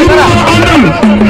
Yürü anam.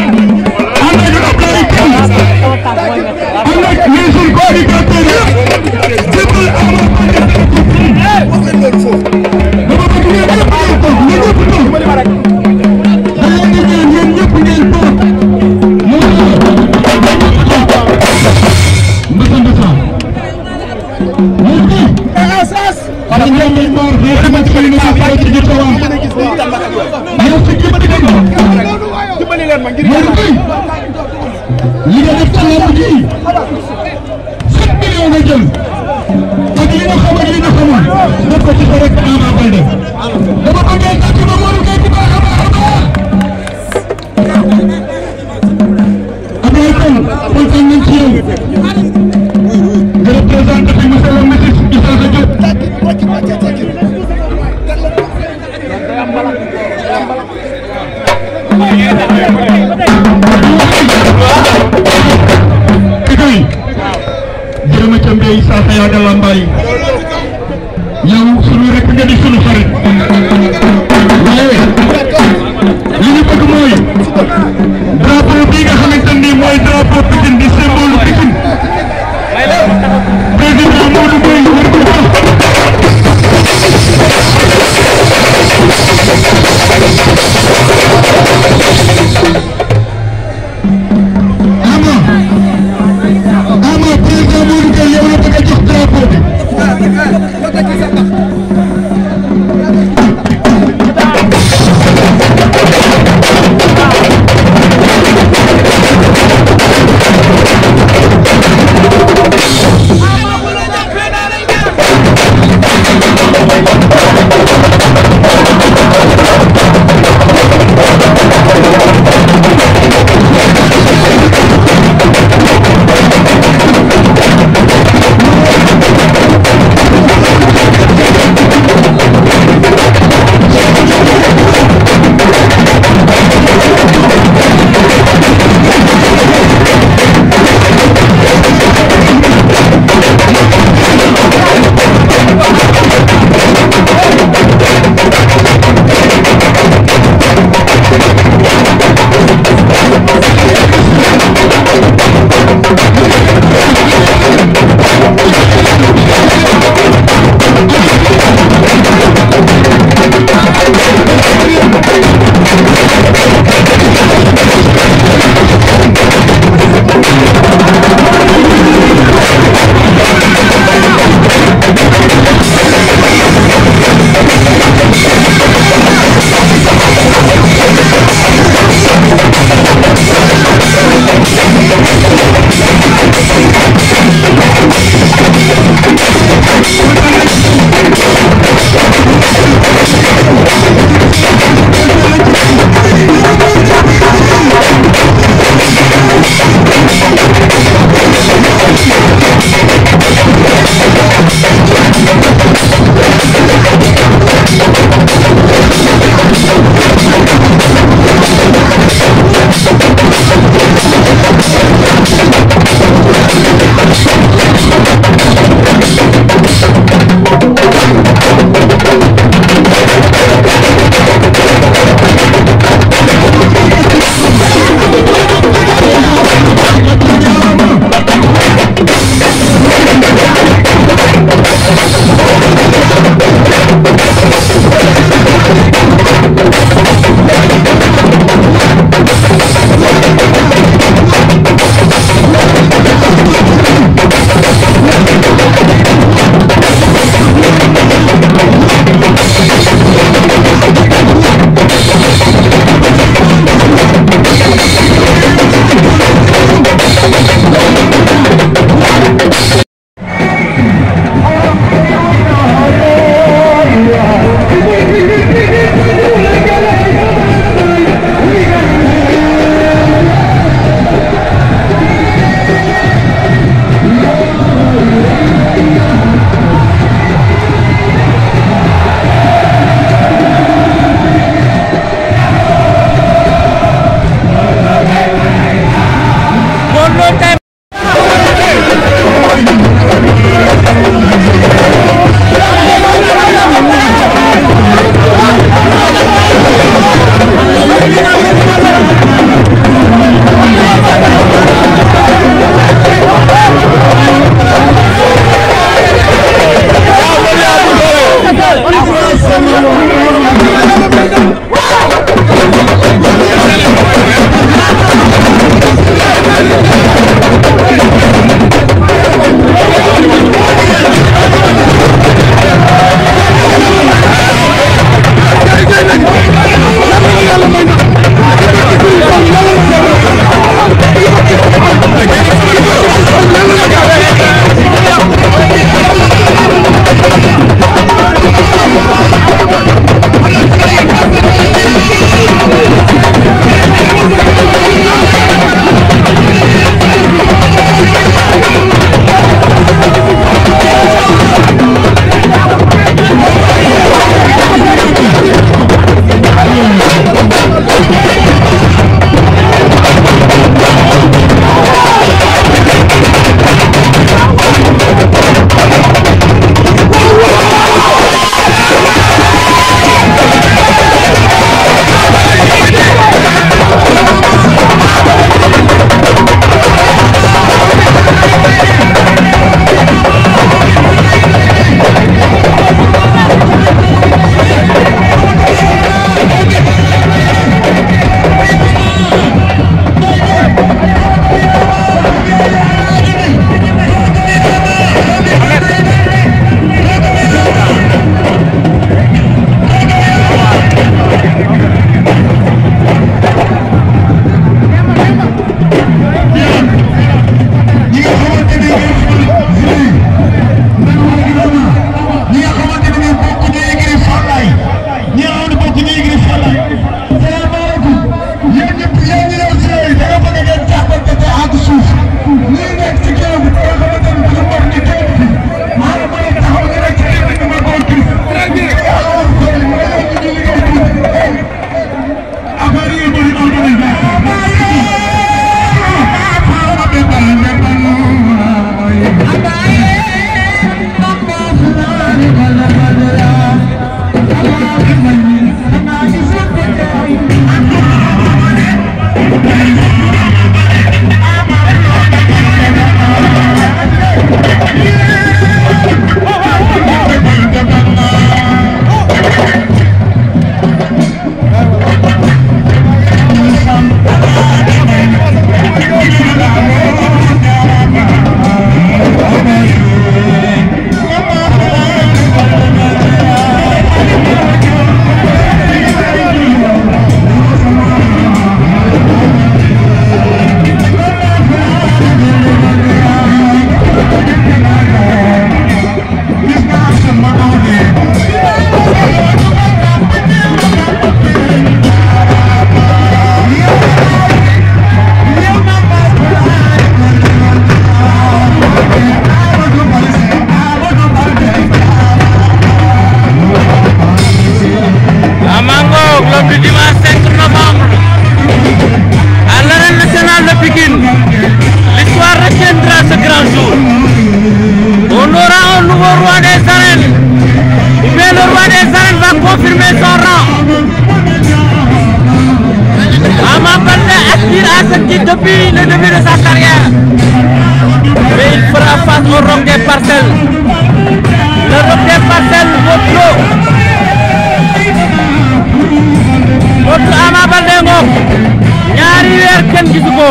ñaari weer kenn gisu ko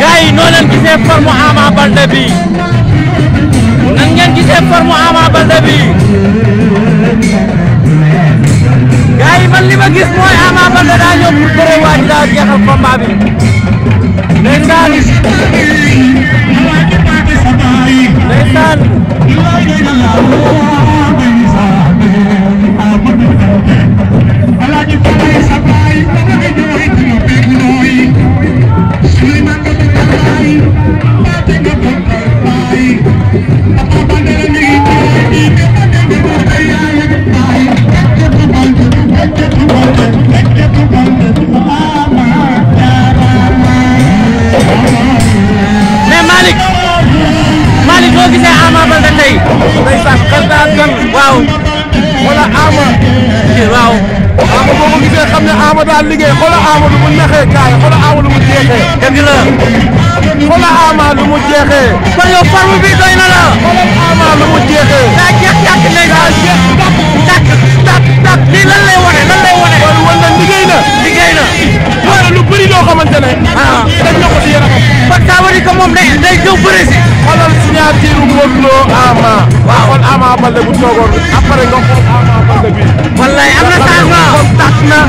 gars yi noo leen gisee forme Ama Baldé bi nan ngeen gisee forme Ama Baldé bi gars yi man li ma mooy Ama Baldé daa ñëw pour waaj daa jeexal combat bi ndeysaan ndeysaan boo gisee Ama Baldé tey ndeysaan xel daa gan waaw wala Ama waaw Ama boo ko gisee xam ne Ama daal lu mu naxee kaay xoolal Ama lu mu jeexee. dëgg la xoolal Ama lu mu jeexee. kon yow forme bi lu mu jeexee. daa jeex tàkk léegi daa jeex tàkk tàkk tàkk lii lan lay wane lan lay wane. loolu wan na liggéey lu bëri loo xamante ne. ah dañ na ko kon ça veut dire que moom day day ñëw bëri si. xoolal signature Modou Lo Ama. waaw kon Ama Baldé bu toogoon après nga xool Ama Baldé bi. wallaay am na changement contact na.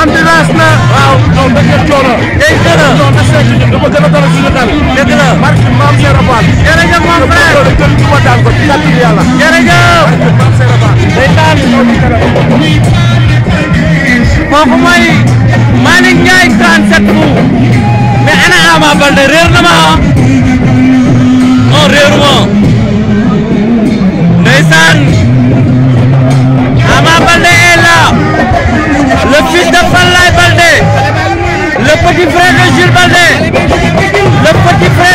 endurance ah. na. waaw ñoom dañ koy coono. day gën a ñoom dafa gën a dafa gën a doon suñu xel. dëgg la barke maam Serap Ba. jërëjëf mon frère loolu gën ñu ma daan ko ci kàttu yàlla. jërëjëf barke maam Serap Ba. day daan ñoom ñu gën a. kooku mooy Malick Ndiaye. Ama Baldé réer na ma ah non réeru ma ndeysaan Ama Baldé est là le fils de Falaye Baldé le petit frère de Jules Baldé le petit frère